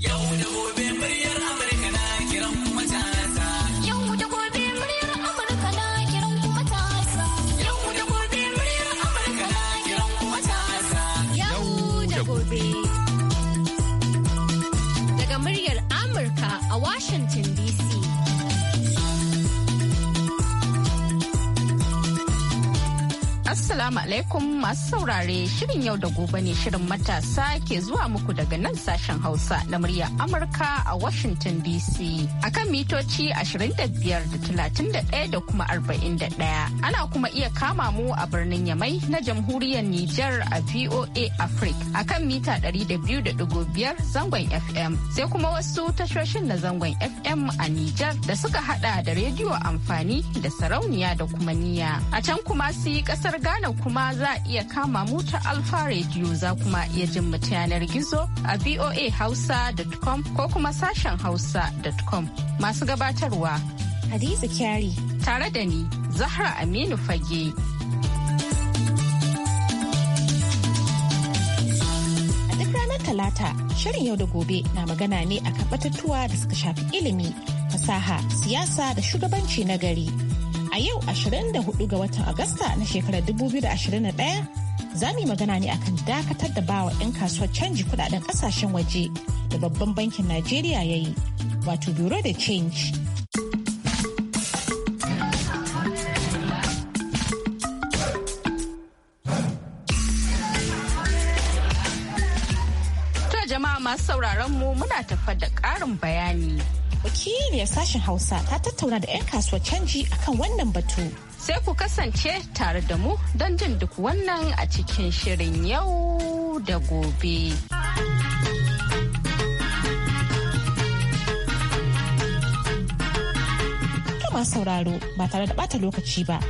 Yo, Yau we been murya. Assalamu alaikum masu saurare shirin yau da gobe ne shirin matasa ke zuwa muku daga nan sashen Hausa na murya Amurka a Washington DC akan mitoci 25 da da kuma 41. Ana kuma iya kama mu a birnin Yamai na jamhuriyar Nijar a VOA Africa akan mita 200.5 zangon FM sai kuma wasu tashoshin na zangon FM a Nijar da suka hada da rediyo amfani da sarauniya da kuma niya. A can kuma su yi kasar Ghana kuma za a iya kama mu ta Alfa Radio za kuma iya jin mu yanar gizo a voa hausa.com ko kuma sashen hausa.com. Masu gabatarwa. Hadiza Kyari. Tare da ni, Zahra Aminu Fage. talata shirin yau da gobe na magana ne akan batutuwa da suka shafi ilimi fasaha siyasa da shugabanci na gari a yau 24 ga watan Agusta na shekarar 2021 za mu yi magana ne akan dakatar da bawa 'yan kasuwar canji kudaden kasashen waje da babban bankin Najeriya ya yi wato Bureau da Change. To jama'a masu sauraron mu muna tafar da ƙarin bayani. wakiliyar sashen hausa ta tattauna da 'yan kasuwar canji akan wannan batu sai ku kasance tare da mu don jin duk wannan a cikin shirin yau da gobe. kama sauraro ba tare da bata lokaci ba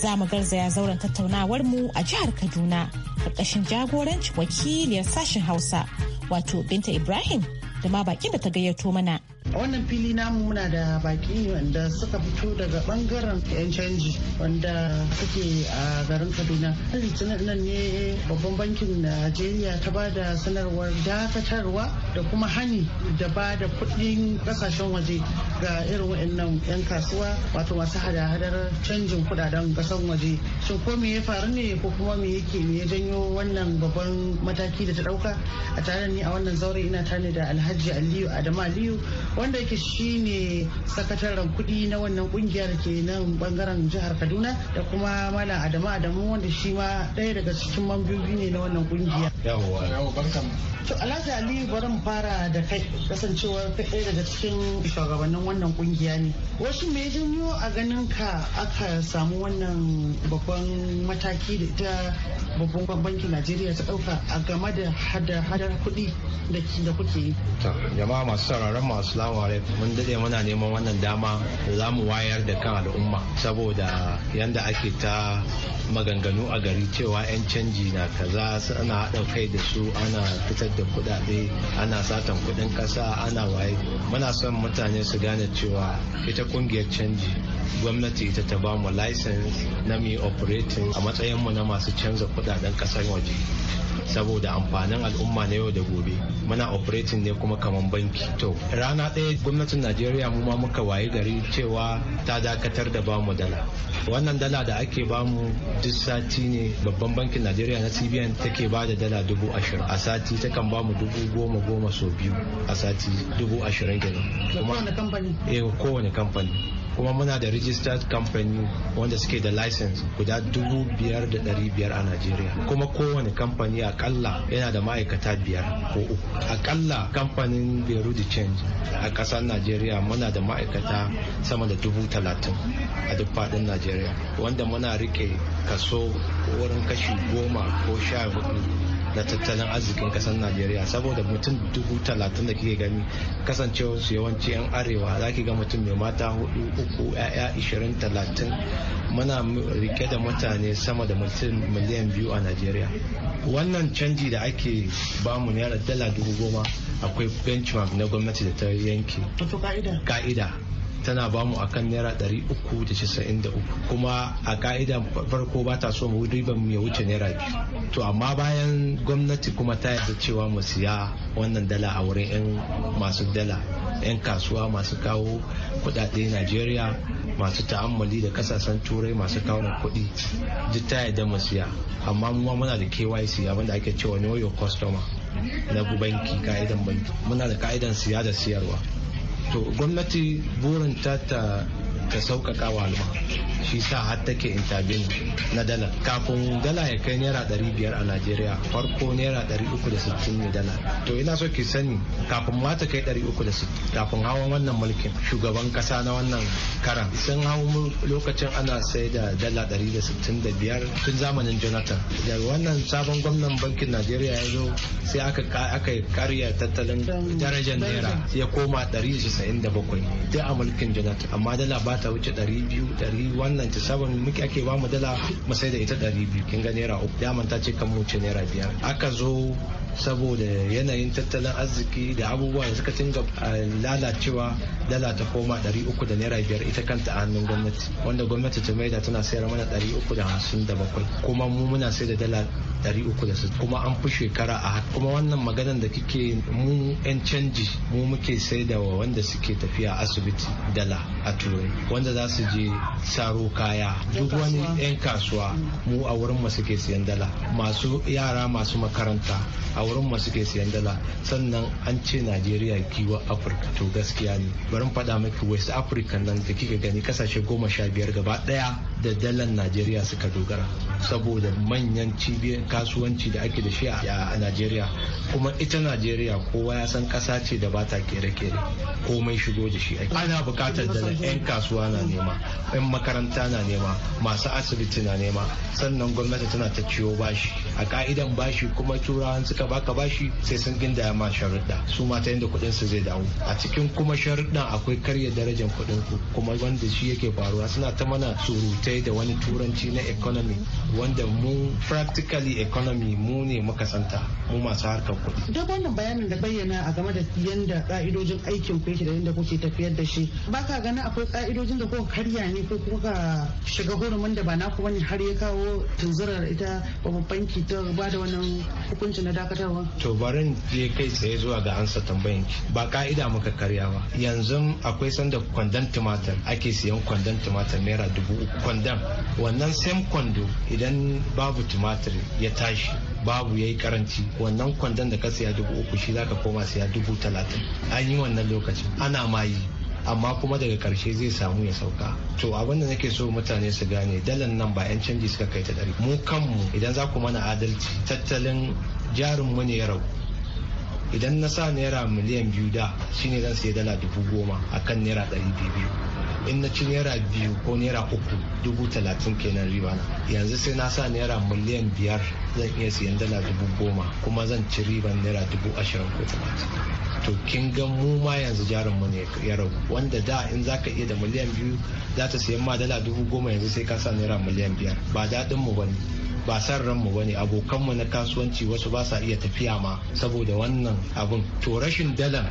za mu garzaya zauren tattaunawar mu a jihar kaduna karkashin jagoranci wakiliyar sashen hausa wato binta ibrahim da ma bakin da ta gayyato mana wannan fili namu muna da baki wanda suka fito daga bangaren yan canji wanda suke a garin kaduna litinin nan ne babban bankin najeriya ta ba da sanarwar dakatarwa da kuma hani da ba da kudin kasashen waje ga irin wa'annan yan kasuwa wato masu hada-hadar canjin kudaden kasan waje shin ko me ya faru ne ko kuma me yake ne ya janyo wannan babban mataki da ta dauka a tare ni a wannan zaure ina tare da alhaji aliyu adama aliyu wanda yake shine sakataren kuɗi na wannan kungiyar ke nan bangaren jihar kaduna da kuma malam adamu adamu wanda shi ma ɗaya daga cikin mambobi ne na wannan kungiya to alhaji ali bari mu fara da kai kasancewar ta ɗaya daga cikin shugabannin wannan kungiya ne wasu me janyo a ganin ka aka samu wannan babban mataki da ita babban bankin najeriya ta ɗauka a game da hada-hadar kuɗi da kuke yi jama'a masu sauraron masu Assalamu Mun dade muna neman wannan dama za mu wayar da kan al'umma saboda yanda ake ta maganganu a gari cewa 'yan canji na kaza ana haɗa kai da su ana fitar da kuɗaɗe ana satan kuɗin ƙasa ana waye. Muna son mutane su gane cewa ita ƙungiyar canji gwamnati ita ta ba mu license na mi operating a matsayin mu na masu canza kuɗaɗen ƙasar waje. saboda amfanin al'umma na yau da gobe muna operating ne kuma kamar banki to rana ɗaya gwamnatin najeriya mu ma muka wayi gari cewa ta dakatar da bamu dala wannan dala da ake bamu duk sati ne babban bankin najeriya na cbn take ba da dala dubu ashirin a sati takan bamu dubu goma goma sau biyu a sati dubu ashirin kenan kuma kowane kamfani eh, kuma muna da registered company wanda suke da license guda dubu biyar da ɗari biyar a Najeriya kuma kowane kamfani akalla yana da ma'aikata biyar ko uku akalla kamfanin Beirut Change a ƙasar Najeriya muna da ma'aikata sama da dubu talatin a duk faɗin Najeriya wanda muna rike kaso wurin kashi goma ko sha hudu na tattalin arzikin kasar najeriya saboda mutum dubu talatin da kike gani kasancewar su yawanci yan arewa za ki ga mutum mai mata hudu uku ya'ya ishirin talatin muna rike da mutane sama da mutum miliyan biyu a najeriya wannan canji da ake bamu naira dala dubu goma akwai benchmark na gwamnati da ta yanke ka'ida tana bamu akan naira ɗari uku da da uku kuma a ka'ida farko ba ta so mu riban ya wuce naira biyu to amma bayan gwamnati kuma ta yarda cewa mu siya wannan dala a wurin 'yan masu dala 'yan kasuwa masu kawo kudade najeriya masu ta'ammali da kasashen turai masu kawo kuɗi duk ta yarda mu siya amma mu muna da KYC abinda ake cewa know your customer na banki ka'idan banki muna da ka'idan siya da siyarwa to gwamnati ta ta ta sauƙaƙa wa al'umma shi sa har take intabin na dala kafin dala ya kai naira ɗari biyar a najeriya farko naira ɗari uku da sittin ne dala to ina so ki sani kafin ma ta kai ɗari uku da sittin kafin hawan wannan mulkin shugaban kasa na wannan karan sun hau lokacin ana sai da dala ɗari da sittin da biyar tun zamanin jonathan da wannan sabon gwamnan bankin najeriya ya zo sai aka aka karya tattalin darajar naira ya koma ɗari da da bakwai duk a mulkin jonathan amma dala ba ta wuce 200 197 muke ake ba mu dala mu sai da ita 200 kin ga naira uku ya manta ce kan mu ce naira biyar aka zo saboda yanayin tattalin arziki da abubuwa da suka tinga lalacewa dala ta koma 300 da naira biyar ita kanta a hannun gwamnati wanda gwamnati ta maida tana sayar mana 357 kuma mu muna sai da dala 360 kuma an fi shekara a kuma wannan maganan da kike mu 'yan canji mu muke sai da wanda suke tafiya asibiti dala a turai wanda za su je saro kaya duk wani 'yan kasuwa mu a wurin masu ke siyan dala masu yara masu makaranta a wurin masu ke siyan dala sannan an ce najeriya kiwa afirka to gaskiya ne bari faɗa maki west africa nan da kika gani kasashe goma sha biyar gaba ɗaya da dalar najeriya suka dogara saboda manyan cibiyar kasuwanci da ake da shi a najeriya kuma ita najeriya kowa ya san kasa ce da ba ta kere-kere komai shigo da shi ake ana bukatar dalar 'yan kasuwa na nema 'yan makaranta na nema masu asibiti na nema sannan gwamnati tana ta ciwo bashi a ka'idan bashi kuma turawan suka baka bashi sai sun gindaya ma sharuɗa su ma ta yanda kuɗin su zai dawo a cikin kuma sharuɗan akwai karya darajar kuɗin ku kuma wanda shi yake faruwa suna ta mana surutai yi da wani turanci na economy wanda mu practically economy mu ne muka santa mu masu harkar kuɗi. Duk wannan bayanin da bayyana a game da yanda ka'idojin aikin ku yake da yanda kuke tafiyar da shi ba ka gani akwai ka'idojin da kuka karya ne ko kuka shiga hurumin da ba na kuma bane har ya kawo tunzurar ita babban banki ta ba da wannan hukuncin na dakatarwa. To barin je kai tsaye zuwa ga ansa tambayan ki ba ka'ida muka karya ba yanzu akwai sanda kwandon tumatir ake siyan kwandon tumatir naira dubu uku kwandon wannan sem kwando idan babu tumatir ya tashi babu ya yi karanci wannan kwandon da ka siya dubu uku shi zaka koma siya dubu talatin an yi wannan lokacin ana mayi amma kuma daga karshe zai samu ya sauka to abin da nake so mutane su gane dalan nan ba 'yan canji suka kai ta dari mu kanmu idan za ku mana adalci tattalin jarinmu ne ya ragu idan na sa naira miliyan biyu da shine zan sayi dala dubu goma akan naira ɗari biyu in na ci naira biyu ko naira uku dubu talatin kenan riba na yanzu sai na sa naira miliyan biyar zan iya siyan dala dubu goma kuma zan ci riban naira dubu ashirin ko talatin to kin ga mu ma yanzu jarin mu ne ya rabu wanda da in zaka iya da miliyan biyu za ta siyan ma dala dubu goma yanzu sai ka sa naira miliyan biyar ba daɗin mu bane ba san ranmu bane abokanmu na kasuwanci wasu ba sa iya tafiya ma saboda wannan abun to rashin dalan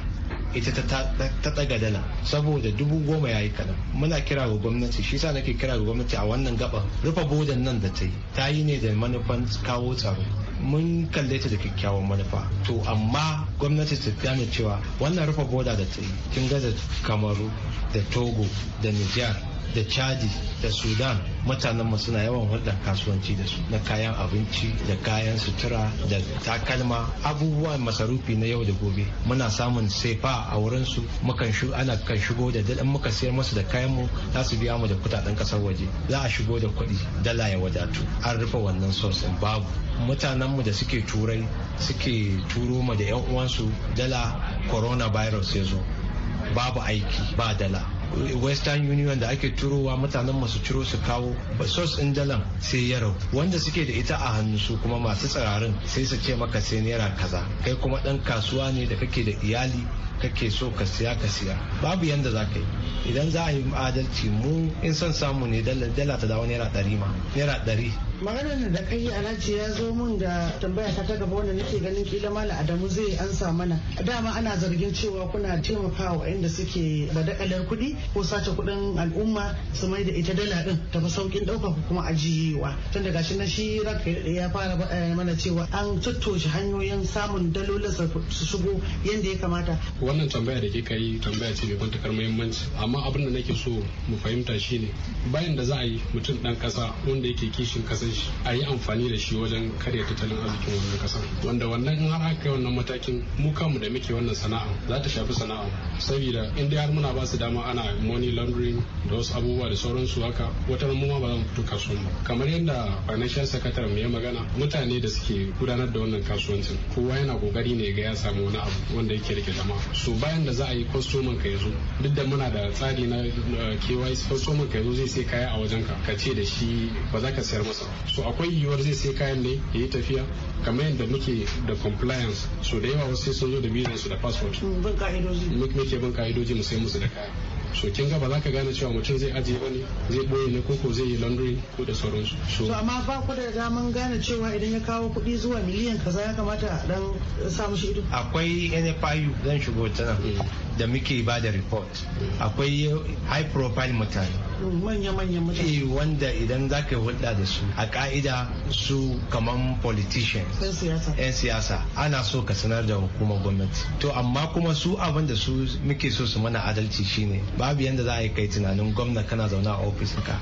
ita ta daga dala saboda dubu goma ya yi kaɗan muna kira ga gwamnati shi sa nake kira ga gwamnati a wannan gaban rufe bodan nan da ta yi ta yi ne da manufan kawo tsaro mun kalle ta da kyakkyawan manufa to amma gwamnati ta gane cewa wannan rufe boda da ta yi kin gaza kamaru da togo da nijar da chadi da sudan mutanen mu suna yawan hulɗar kasuwanci da su na kayan abinci da kayan sutura da takalma abubuwan masarufi na yau da gobe muna samun sefa a wurin mukan shu ana kan shigo da dalin muka sayar musu da kayan mu za su biya mu da kudaden kasar waje za a shigo da kuɗi dala ya wadatu an rufe wannan sosin babu mutanen mu da suke turai suke turo mu da 'yan uwansu dala coronavirus ya zo babu aiki ba dala western union da ake turowa mutanen masu ciro su kawo ba sos ɗin dalan sai ya wanda suke da ita a hannu su kuma masu tsirarin sai su ce maka sai naira kaza kai kuma dan kasuwa ne da kake da iyali kake so ka siya ka siya babu yanda za ka yi idan za a yi adalci mu in son samu ne dala ta dawo naira ɗari ma naira ɗari maganar da kai alhaji ya zo mun da tambaya ta gaba wanda nake ganin kila mala adamu zai ansa mana dama ana zargin cewa kuna taimakawa inda suke badakalar kuɗi ko sace kuɗin al'umma su mai da ita dala din ta fi saukin ɗauka ko kuma ajiyewa tun daga shi na shi ranka ya fara mana cewa an tattoshi hanyoyin samun dalolin su shigo yadda ya kamata wannan tambaya da ke yi tambaya ce mai matukar muhimmanci amma abin da nake so mu fahimta shi ne bayan da za a yi mutum dan kasa wanda yake kishin kasar shi a yi amfani da shi wajen karya tattalin arzikin wannan kasar wanda wannan in har aka kai wannan matakin mu kanmu da muke wannan sana'a za ta shafi sana'a saboda in dai har muna ba su dama ana money laundering da wasu abubuwa da sauransu haka wata mu ma ba za mu fito kasuwan ba kamar yadda financial secretary mu ya magana mutane da suke gudanar da wannan kasuwancin kowa yana kokari ne ga ya samu wani abu wanda yake rike jama'a su bayan da za a yi kwastomin ka yazo duk da muna da tsari na eh, KYC kwastomin ka yazo zai sai kaya a wajen ka ka ce da shi ba za ka sayar masa so akwai yiwuwar zai sai kayan ne ya yi tafiya kamar yadda muke da compliance so da yawa wasu sun zo da su da passport mm, bin ka'idoji muke bin ka'idoji mu sai musu da kaya so kin ga ba za ka gane cewa mutum zai ajiye wani zai boye ne ko zai yi laundry ko da sauransu so amma ba ku da daman gane cewa idan ya kawo kuɗi zuwa miliyan kaza ya kamata dan sa mushi ido akwai NFIU zan shigo tana eh. da muke ba da report eh. akwai high profile mutane manya-manyan mutane eh, wanda idan zaka ka hulɗa da su a ka'ida su kaman politician 'yan siyasa ana so ka sanar da hukumar gwamnati to amma kuma su abin da su muke so su mana adalci shine babu yanda za a yi kai tunanin gwamna kana zauna a ofis ka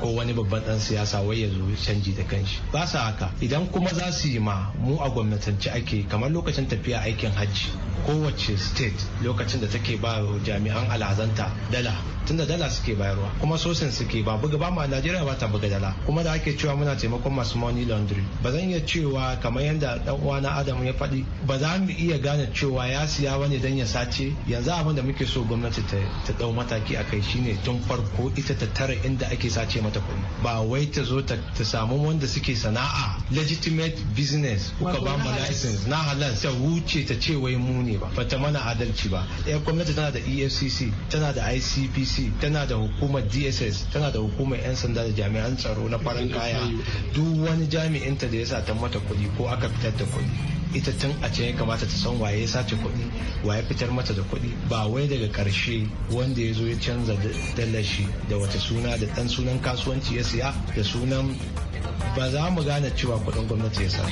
ko wani babban ɗan siyasa wai ya zo canji da kanshi ba sa haka idan kuma za su yi ma mu a gwamnatance ake kamar lokacin tafiya aikin hajji kowace state lokacin da take ba jami'an alazanta dala tunda dala suke bayarwa kuma sosin suke ba buga ba ma Najeriya ba ta buga dala kuma da ake cewa muna taimakon masu money laundry ba zan iya cewa kamar yadda dan uwana Adamu ya faɗi ba za mu iya gane cewa ya siya wani dan ya sace yanzu abin da muke so gwamnati ta dau mataki a kai shine tun farko ita ta tare inda ake sace mata kuɗi ba wai ta zo ta samu wanda suke sana'a legitimate business kuka ba mu license na halal ta wuce ta ce wai mu ne ba ta mana adalci ba ɗaya gwamnati tana da EFCC tana da ICPC tana da hukumar DSS ss tana da hukumar 'yan sanda da jami'an tsaro na farin kaya duk wani jami'in ta da ya sa ta mata kuɗi ko aka fitar da kuɗi ita tun a can ya kamata ta san waye ya sace kuɗi waye fitar mata da kuɗi ba wai daga karshe wanda ya zo ya canza dallashi da wata suna da ɗan sunan kasuwanci ya siya da sunan ba za mu gane cewa kuɗin gwamnati ya sa.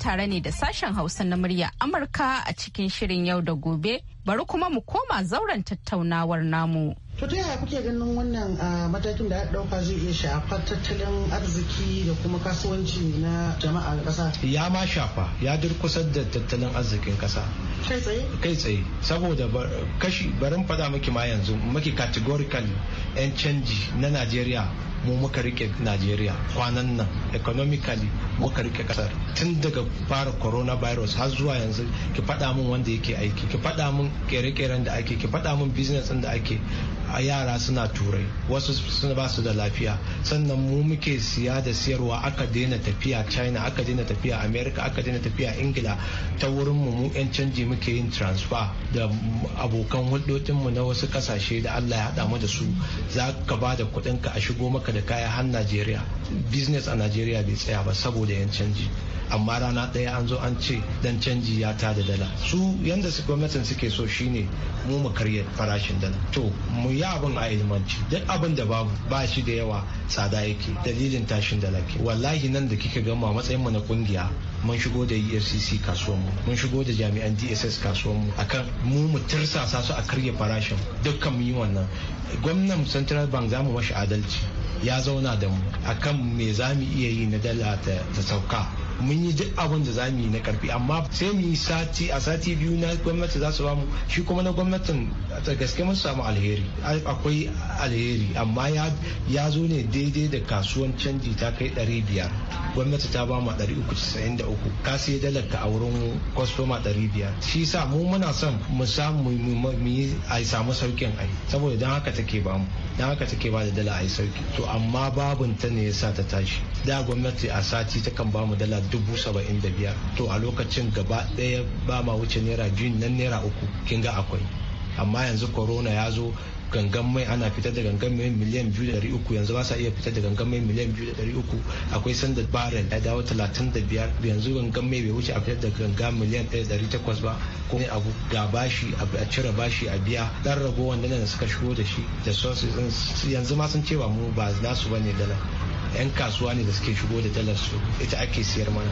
tare ne da sashen Hausa na murya Amurka a cikin shirin yau da gobe. Bari kuma mu koma zauren tattaunawar namu. To ta yaya kuke ganin wannan matakin da aka dauka zai iya shafar tattalin arziki da kuma kasuwanci na jama'ar kasa? Ya ma shafa, ya durkusar da tattalin arzikin kasa. Kai tsaye? Kai tsaye. Saboda kashi barin fada miki ma yanzu maki categorical 'yan canji na Najeriya mu muka rike najeriya kwanan nan economically muka rike kasar tun daga fara corona virus har zuwa yanzu ki faɗa min wanda yake aiki ki faɗa min kere-keren da ake ki faɗa min business da ake a yara suna turai wasu suna ba su da lafiya sannan mu muke siya da siyarwa aka daina tafiya china aka daina tafiya america aka daina tafiya ingila ta wurin mu mu yan canji muke yin transfer da abokan mu na wasu kasashe da allah ya haɗa mu da su za ka ba da kuɗinka a shigo maka maka da kaya har najeriya business a najeriya bai tsaya ba saboda yan canji amma rana ɗaya an zo an ce dan canji ya ta da dala su yanda su gwamnatin suke so shine mu mu karya farashin dala to mu yi abin a ilmanci duk abin da babu ba shi da yawa tsada yake dalilin tashin dala ke wallahi nan da kika gama matsayin mu na kungiya mun shigo da EFCC kasuwan mu mun shigo da jami'an DSS kasuwan mu akan mu mu tirsasa su a karya farashin dukkan mu yi wannan gwamnan central bank za mu mashi adalci ya zauna da mu akan me za mu iya yi na dala ta sauka mun yi duk abin da za mu yi na karfi amma sai mu yi sati a sati biyu na gwamnati za su bamu shi kuma na gwamnatin ta gaske mun samu alheri akwai alheri amma ya zo ne daidai da kasuwan canji ta kai biyar gwamnati ta ba mu uku ka sai dalar ka a wurin kwastoma biyar shi sa mu muna son mu samu mu yi a samu saukin ai saboda don haka take ba mu don haka take ba da dala a yi sauki to amma babun ta ne sa ta tashi da gwamnati a sati ta kan bamu dala dubu saba'in da biyar to a lokacin gaba ɗaya ba ma wuce naira biyu nan naira uku kin ga akwai amma yanzu corona ya zo gangan mai ana fitar da gangan mai miliyan biyu da dari uku yanzu ba sa iya fitar da gangan mai miliyan biyu da dari uku akwai sanda barin ya dawo talatin da biyar yanzu gangan mai bai wuce a fitar da ganga miliyan ɗaya dari takwas ba ko ne abu ga bashi a cire bashi a biya dan rago wanda da suka shigo da shi da sosu yanzu ma sun ce ba mu ba nasu bane dala 'yan kasuwa ne da suke shigo da dalar su ita ake siyar mana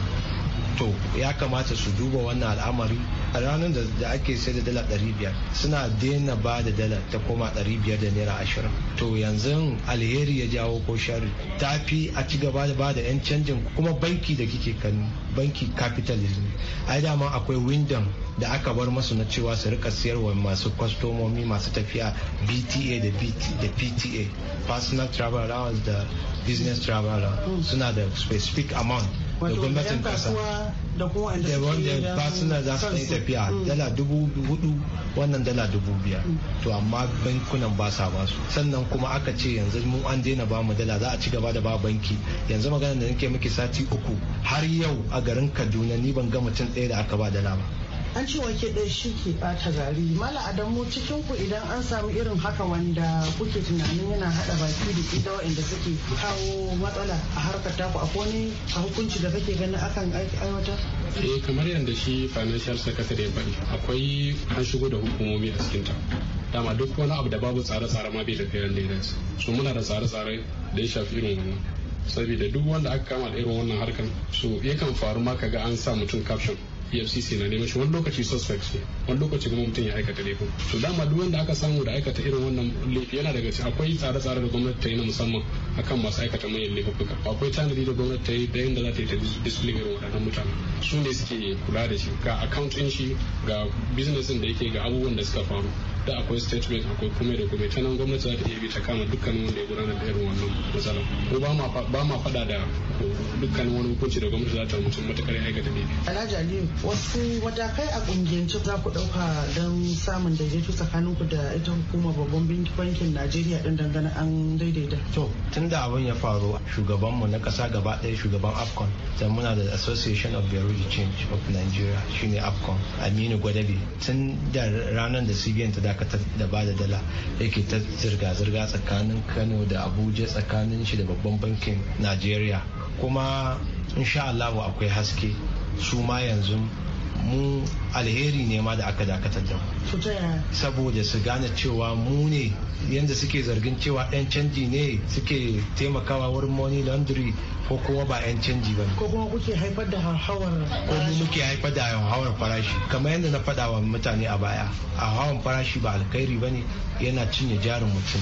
to ya kamata su duba wannan al'amari a ranar da ake sai da dala ɗari biyar suna daina ba da dala ta koma ɗari biyar da naira ashirin to yanzu alheri ya jawo ko shari ta fi a ci gaba da ba da yan canjin kuma banki da kike kan banki capitalism ai dama akwai windom da aka bar masu na cewa su rika siyarwa masu kwastomomi masu tafiya bta da da pta personal travel allowance da business travel suna da specific amount da gwamnatin kasa da wanda ba suna za su yi tafiya mm. dala dubu hudu wannan dala dubu biyar mm. to amma bankunan ba sa ba su sannan kuma aka ce yanzu mu an daina ba mu dala za a ci gaba da ba banki yanzu magana da nake miki sati uku har yau a garin kaduna ni ban ga mutum ɗaya da aka ba dala ba an ce wake ɗaya shi ke bata gari mala mu cikin ku idan an samu irin haka wanda kuke tunanin yana haɗa baki da ita waɗanda suke kawo matsala a harkar taku ko wani a hukunci da kake ganin akan aiwatar eh kamar yadda shi financial secretary ya faɗi akwai an shigo da hukumomi a ta dama duk wani abu da babu tsare-tsare ma bai tafiyar lagos su muna da tsare-tsare da ya shafi irin wannan saboda duk wanda aka kama da irin wannan harkar su yakan faru ma ga an sa mutum caption efcc na neman shi wani lokaci suspect ne wani lokaci kuma mutum ya aikata laifin to dama duk wanda aka samu da aikata irin wannan laifi yana daga ci akwai tsare-tsare da gwamnati ta yi na musamman akan masu aikata manyan laifuka akwai tanadi da gwamnati ta yi da yadda za ta yi ta discipline irin waɗannan mutane su ne suke kula da shi ga accounting shi ga businessin da yake ga abubuwan da suka faru da akwai statement akwai kome da kome ta nan gwamnati za ta iya bi ta kama dukkanin wanda ya gudanar da irin wannan matsalar ko ba ma faɗa da dukkanin wani hukunci da gwamnati za ta mutum matakar ya aikata ne. Alhaji Aliyu wasu wadakai a ƙungiyance za ku ɗauka don samun daidaito tsakaninku da ita hukumar babban bankin Najeriya ɗin dangane an daidaita. To tun da abin ya faru shugabanmu na kasa gaba ɗaya shugaban afcon sai muna da association of beirut change of nigeria shine afcon aminu gwadabi tun da ranar da cbn ta dakatar da ba da dala yake ta zirga-zirga tsakanin kano da abuja tsakanin shi da babban bankin nigeria kuma insha allahu akwai haske su ma yanzu mu alheri ne ma da aka dakatar da mu saboda su gane cewa mu ne yadda suke zargin cewa 'yan canji ne suke taimakawa wurin money laundry ko kuma ba 'yan canji ba ko kuma kuke haifar da hauhawar ko mu muke haifar da hawar farashi kamar yadda na faɗa wa mutane a baya a hawan farashi ba alkhairi ba ne yana cinye jarin mutum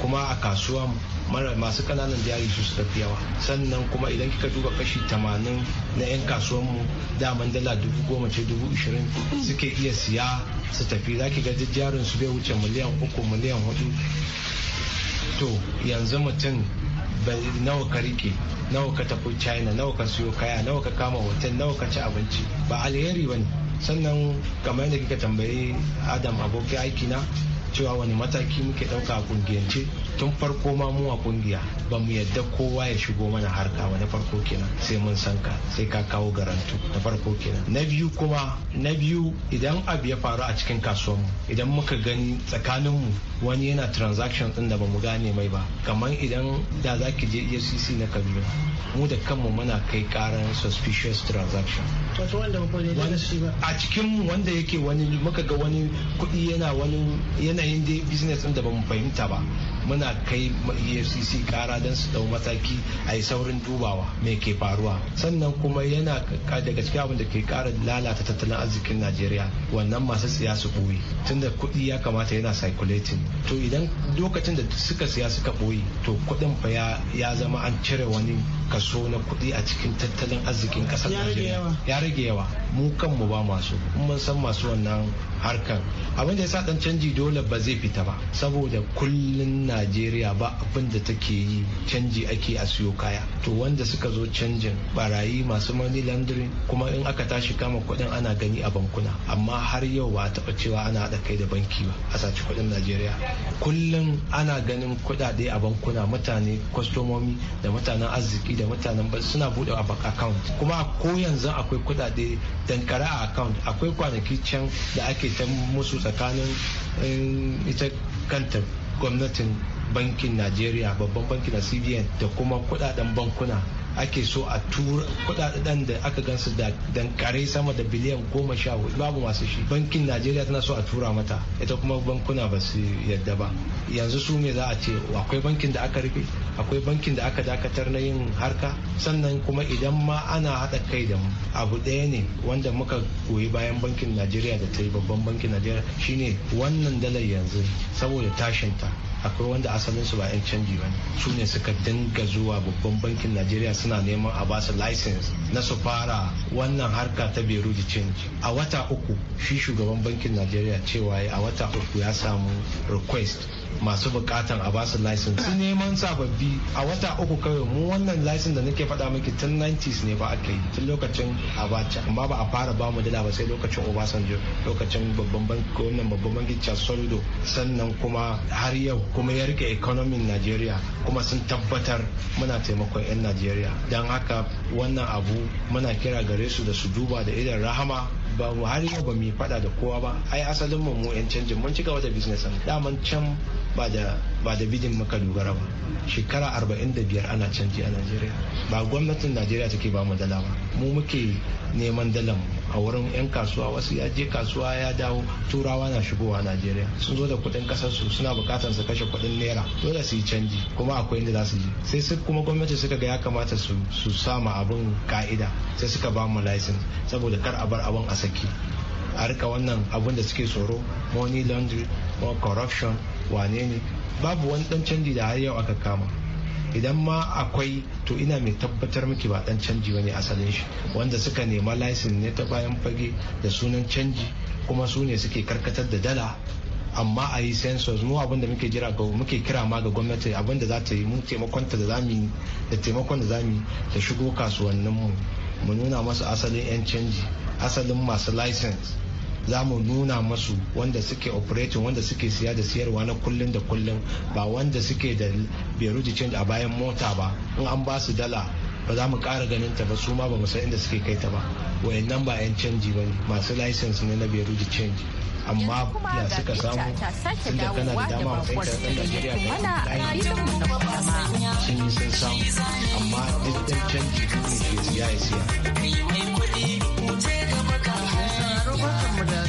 kuma a kasuwa mara masu kananan jari su suka fi yawa sannan kuma idan kika duba kashi 80 na 'yan kasuwanmu daman dala dubu goma ce dubu ishirin suke iya siya su tafi za ki ga jarin su bai wuce miliyan uku miliyan hudu to yanzu mutum nawa ka rike nawa ka tafi china nawa ka siyo kaya nawa ka kama hotel nawa ka ci abinci ba alheri ba ne sannan kamar yadda kika tambayi adam abokin aikina cewa wani mataki muke ɗauka a kungiyance tun farko ma mu a kungiya ba mu yadda kowa ya shigo mana harka ba na farko kenan sai mun san ka sai ka kawo garantu na farko kenan na biyu kuma na biyu idan abu ya faru a cikin kasuwanmu idan muka gani tsakaninmu wani yana transaction din da ba mu gane mai ba kamar idan da za ki je efcc na kaduna mu da kanmu muna kai karan suspicious transaction a cikin wanda yake wani muka ga wani kuɗi yana wani yanayin dai business din da ba mu fahimta ba muna kai efcc kara don su dau mataki a yi saurin dubawa mai ke faruwa sannan kuma yana daga cikin abin da ke kara lalata tattalin arzikin najeriya wannan masu siya su boye tunda kuɗi ya kamata yana circulating to idan lokacin da suka siya suka boye to kuɗin fa ya zama an cire wani kaso na kuɗi a cikin tattalin arzikin ƙasar Najeriya ya rage yawa mu kan mu ba masu mun san masu wannan harkan abin da ya sa dan canji dole ba zai fita ba saboda kullun Najeriya ba abin da take yi canji ake a siyo kaya to wanda suka zo canjin barayi masu money laundering kuma in aka tashi kama kuɗin ana gani a bankuna amma har yau ba a taɓa cewa ana haɗa kai da banki ba a saci kuɗin Najeriya kullun ana ganin kuɗaɗe a bankuna mutane kwastomomi da mutanen arziki da mutanen ba suna buɗe account kuma ko yanzu akwai kuɗaɗe dankara a account akwai kwanaki can da ake ta musu tsakanin eh, ita kanta gwamnatin bankin najeriya babban bankin na cbn da kuma kudaden bankuna ake so a tura kudaden da aka gansu da dankare sama da biliyan goma sha hudu babu masu shi bankin najeriya tana so a tura mata ita kuma bankuna ba su yadda ba yanzu su me za a ce akwai bankin da aka rufe akwai bankin da aka dakatar na yin harka sannan kuma idan ma ana haɗa kai da abu ɗaya ne wanda muka goyi bayan bankin najeriya da ta yi babban bankin najeriya shine wannan dalar yanzu saboda tashinta akwai wanda asalin su ba 'yan canji ba su ne suka dinga zuwa babban bankin najeriya suna neman a basu license na su fara wannan harka ta beirut change a wata uku shi shugaban bankin najeriya cewa a wata uku ya samu request masu bukatan a basu license su neman sababbi a wata uku kawai mu wannan license da nake faɗa miki tun 90s ne ba aka yi tun lokacin abacha amma ba a fara ba mu dala ba sai lokacin obasanjo lokacin babban banki gwamnan babban banki charles sannan kuma har yau kuma ya rike economy najeriya kuma sun tabbatar muna taimakon 'yan najeriya don haka wannan abu muna kira gare su da su duba da idan rahama ba mu har yau ba mu fada da kowa ba ai asalin mu mu yan canjin mun ci gaba da business din daman can ba da ba da bidin muka dogara ba shekara 45 ana canji a Najeriya ba gwamnatin Najeriya take ba mu dala ba mu muke neman dalan mu a wurin 'yan kasuwa wasu ya je kasuwa ya dawo turawa na shigowa najeriya sun zo da kuɗin ƙasar su suna buƙatar su kashe kuɗin naira dole su yi canji kuma akwai inda za su je sai su kuma gwamnati suka ga ya kamata su su sama abin ka'ida sai suka ba mu license saboda kar a bar abin a saki a rika wannan abin da suke tsoro money laundry corruption wane ne babu wani dan canji da har yau aka kama idan ma akwai to ina mai tabbatar miki ba dan canji bane asalin shi wanda suka nema laisin ne ta bayan fage da sunan canji kuma su ne suke karkatar da dala amma a yi sensors mu abinda muke jira ga muke kira ma ga gwamnati abinda za ta yi mu taimakon da zamu da taimakon da zamu da shigo kasuwannin mu mu nuna masu asalin yan canji asalin masu license za mu nuna masu wanda suke operating wanda suke siya da siyarwa na kullum da kullum ba wanda suke da beruji change a bayan mota ba in an ba su dala ba za mu ƙara ganin ta ba su ma ba mu san inda suke kai ta ba wayannan ba 'yan canji ba ne masu license ne na da change amma ya suka samu inda kana da dama a kai karfin Najeriya da yin sun sun samu amma duk dan canji ne ke siya ya siya.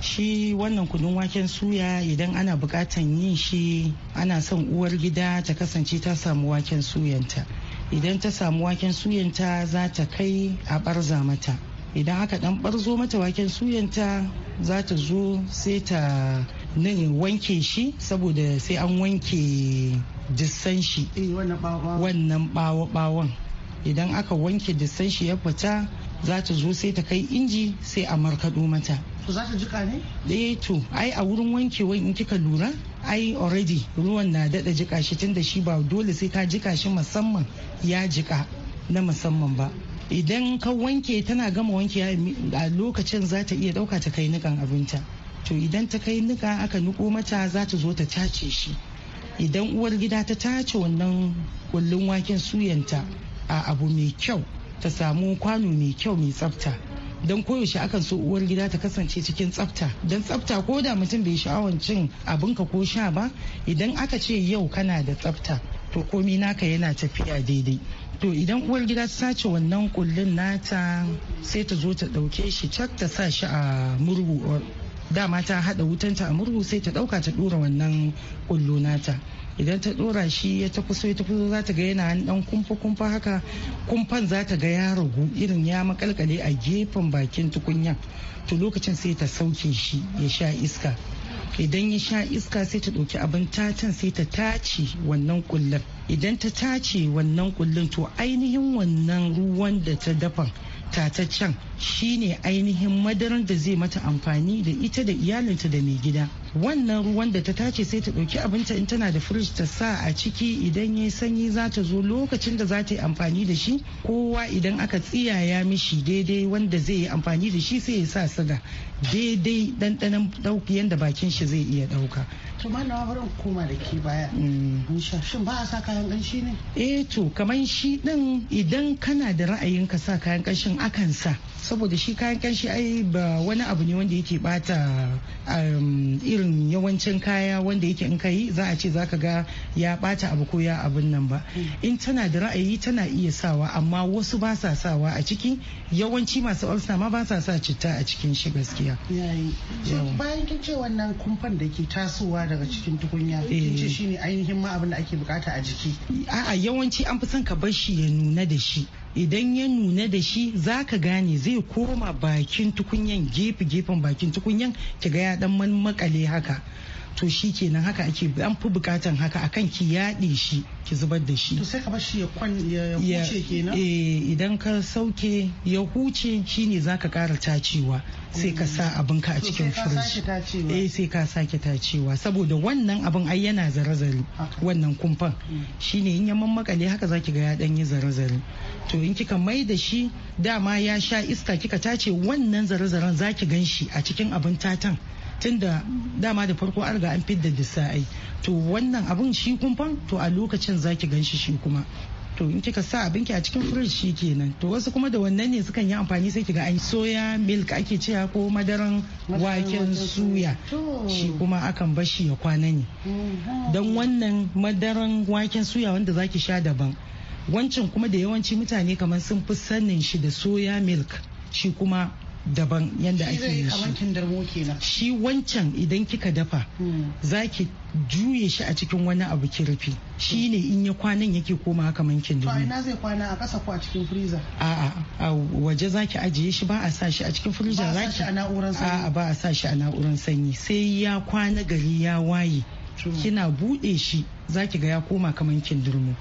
shi wannan kunun waken suya idan ana bukatan yin shi ana son uwar gida ta kasance ta samu waken suyanta idan ta samu waken suyanta za ta kai a barza mata idan aka dan barzo mata waken suyanta za ta zo sai ta nan wanke shi saboda sai an wanke dissan shi eh, wannan bawon idan aka wanke dissan shi ya fita za ta zo sai ta kai inji sai a markaɗo mata to za ta jika ne eh to ai a wurin wankewa in kika lura ai already ruwan na daɗa jika shi tun da shi ba dole sai ta jika shi musamman ya jika na musamman ba idan ka wanke tana gama wanke a lokacin za ta iya ɗauka ta kai nukan abinta to idan ta kai nika aka niko mata za ta zo ta tace shi idan uwar gida ta tace wannan kullun waken suyanta a abu mai kyau ta samu kwano mai kyau mai tsafta don koyaushe akan so uwar gida ta kasance cikin tsafta don tsafta ko da mutum bai sha'awar cin abinka ko sha ba idan aka ce yau kana da tsafta to komi naka yana tafiya daidai to idan uwar gida ta sace wannan kullun nata sai ta zo ta dauke shi cak ta sa shi a murhu dama ta hada wutanta a murhu sai ta dauka ta dora wannan kullu nata idan ta dora shi ya ta kusa ya ta kusa za ta ga yana dan kumfa kumfa haka kumfan za ta ga ya ragu irin ya makalkale a gefen bakin tukunya to lokacin sai ta sauke shi ya sha iska idan ya sha iska sai ta ɗauki abin tatan sai ta tace wannan kullun idan ta tace wannan kullun to ainihin wannan ruwan da ta dafa tataccen shine ainihin madaran da zai mata amfani da ita da iyalinta da mai gida wannan ruwan da ta tace sai ta ɗauki abinta in tana da firij ta sa a ciki idan ya sanyi za ta zo lokacin da za ta yi amfani da shi kowa idan aka tsiyaya mishi daidai wanda zai yi amfani da shi sai ya sa siga daidai ɗanɗanon ɗauki yadda bakin shi zai iya ɗauka. to malama barin koma da ke baya mm. shin ba a sa kayan ƙanshi ne eh to kamar shi ɗin idan kana da ra'ayin ka sa kayan ƙanshin akan sa saboda shi kayan ƙanshi ai ba wani abu ne wanda yake bata irin um, irin yawancin kaya wanda yake in kai za a ce za ka ga ya bata abu ko ya abin nan ba hmm. in tana da ra'ayi tana iya sawa amma wasu ba sa sawa a ciki yawanci masu ulcer ma ba sa sa citta a cikin shi gaskiya bayan kin ce wannan kumfan da ke tasowa daga cikin tukunya kin ce eh. shine ainihin ma abin da ake bukata a jiki a'a yawanci an fi son ka bar shi ya nuna da shi idan ya nuna da shi za ka gane zai koma bakin tukunyan gefe gefen bakin tukunyan kiga ya dan makale haka to shi kenan haka ake an fi bukatan haka akan ki yaɗe shi ki zubar da shi to sai ka bar shi ya kwan ya huce kenan eh idan ka sauke ya huce shine zaka ƙara tacewa sai ka sa abin ka a cikin firij eh sai ka sake tacewa saboda wannan abin ai yana zare-zare wannan kumfan mm. shine in ya mammakale haka zaki ga ya dan yi zare-zare to in kika mai da shi dama ya sha iska kika tace wannan zare-zaren zaki gan shi a cikin abin tatan tunda dama da farko an riga an fidda disa'ai to wannan abun shi kumfan to a lokacin zaki ganshi shi kuma to in kika sa abinki a cikin firij shi kenan to wasu kuma da wannan ne sukan yi amfani sai kiga an soya milk ake cewa ko madaran waken suya shi kuma akan bashi ya kwana ne mm-hmm. don wannan madaran waken suya wanda zaki sha daban wancan kuma da yawanci mutane kamar sun fi sanin shi da soya milk shi kuma daban yadda ake yi shi shi wancan idan kika dafa hmm. za ki juye shi a cikin wani abu ki rufe shi ne in ya kwanan yake koma man kin dubu ina zai kwana a kasa ko a cikin freezer a a a waje zaki ajiye shi ba a sa shi a cikin freezer zaki ba a sa shi a na'urar sanyi a ba a sa shi a na'urar sanyi sai ya kwana gari ya waye kina buɗe shi za ki ga ya koma kaman kindurmo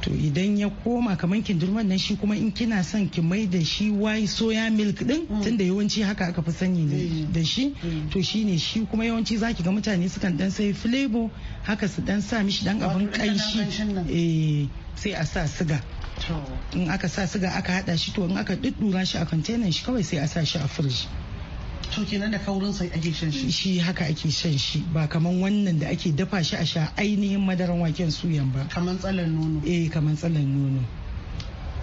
to idan ya koma kaman kindurmon nan shi kuma in kina son ki mai da shi wai soya milk din mm. tunda yawanci haka aka fi sani da mm. shi mm. to shi ne shi kuma yawanci za ki ga mutane sukan dan sai flavor haka su dan sa mishi dan abin kaishi eh sai a sa siga in aka sa siga aka hada shi to in aka duddura shi a container shi kawai sai a sa shi a firiji to kenan da kaurin sai ake shan shi shi haka ake shan shi ba kaman wannan da ake dafa shi a sha ainihin madaran waken suyan ba kaman tsalan nono eh kaman tsalan nono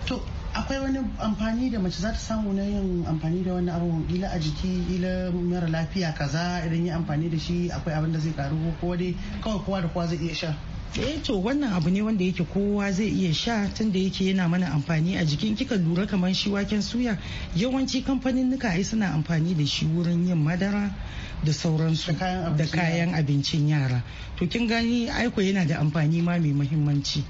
to akwai wani amfani da mace za ta samu na yin amfani da wani abu ila a jiki ila mara lafiya kaza idan yi amfani da shi akwai abin da zai karu ko dai kawai kowa da kowa zai iya sha eh to wannan abu ne wanda yake kowa zai iya sha tunda yake yana mana amfani a jikin kika lura kamar shi waken suya yawanci kamfanin nuka ai suna amfani da shi wurin yin madara da sauransu da kayan abincin yara to kin gani aiko yana da amfani ma mai muhimmanci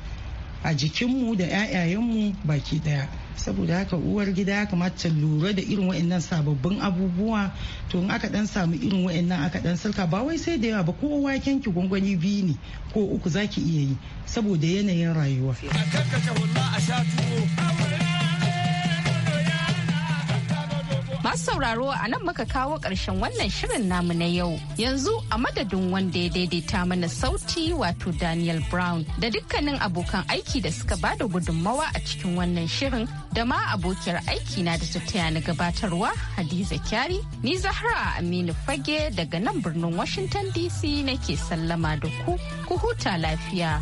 a jikinmu da 'ya'yayenmu baki daya saboda haka uwar gida ya kamata lura da irin wa'annan sababbin abubuwa to in aka dan samu irin wa'annan aka dan sarka ba wai sai da yawa ba ko waken ki gwangwani biyu ne ko uku zaki iya yi saboda yanayin rayuwa a Masu sauraro a nan muka kawo ƙarshen wannan shirin namu na yau. Yanzu a madadin wanda ya daidaita mana sauti wato Daniel Brown da dukkanin abokan aiki da suka bada gudunmawa a cikin wannan shirin da ma abokiyar aiki na da ta taya na gabatarwa Hadiza Kyari. Ni Zahra Aminu Fage daga nan birnin Washington DC nake sallama da ku, ku huta lafiya.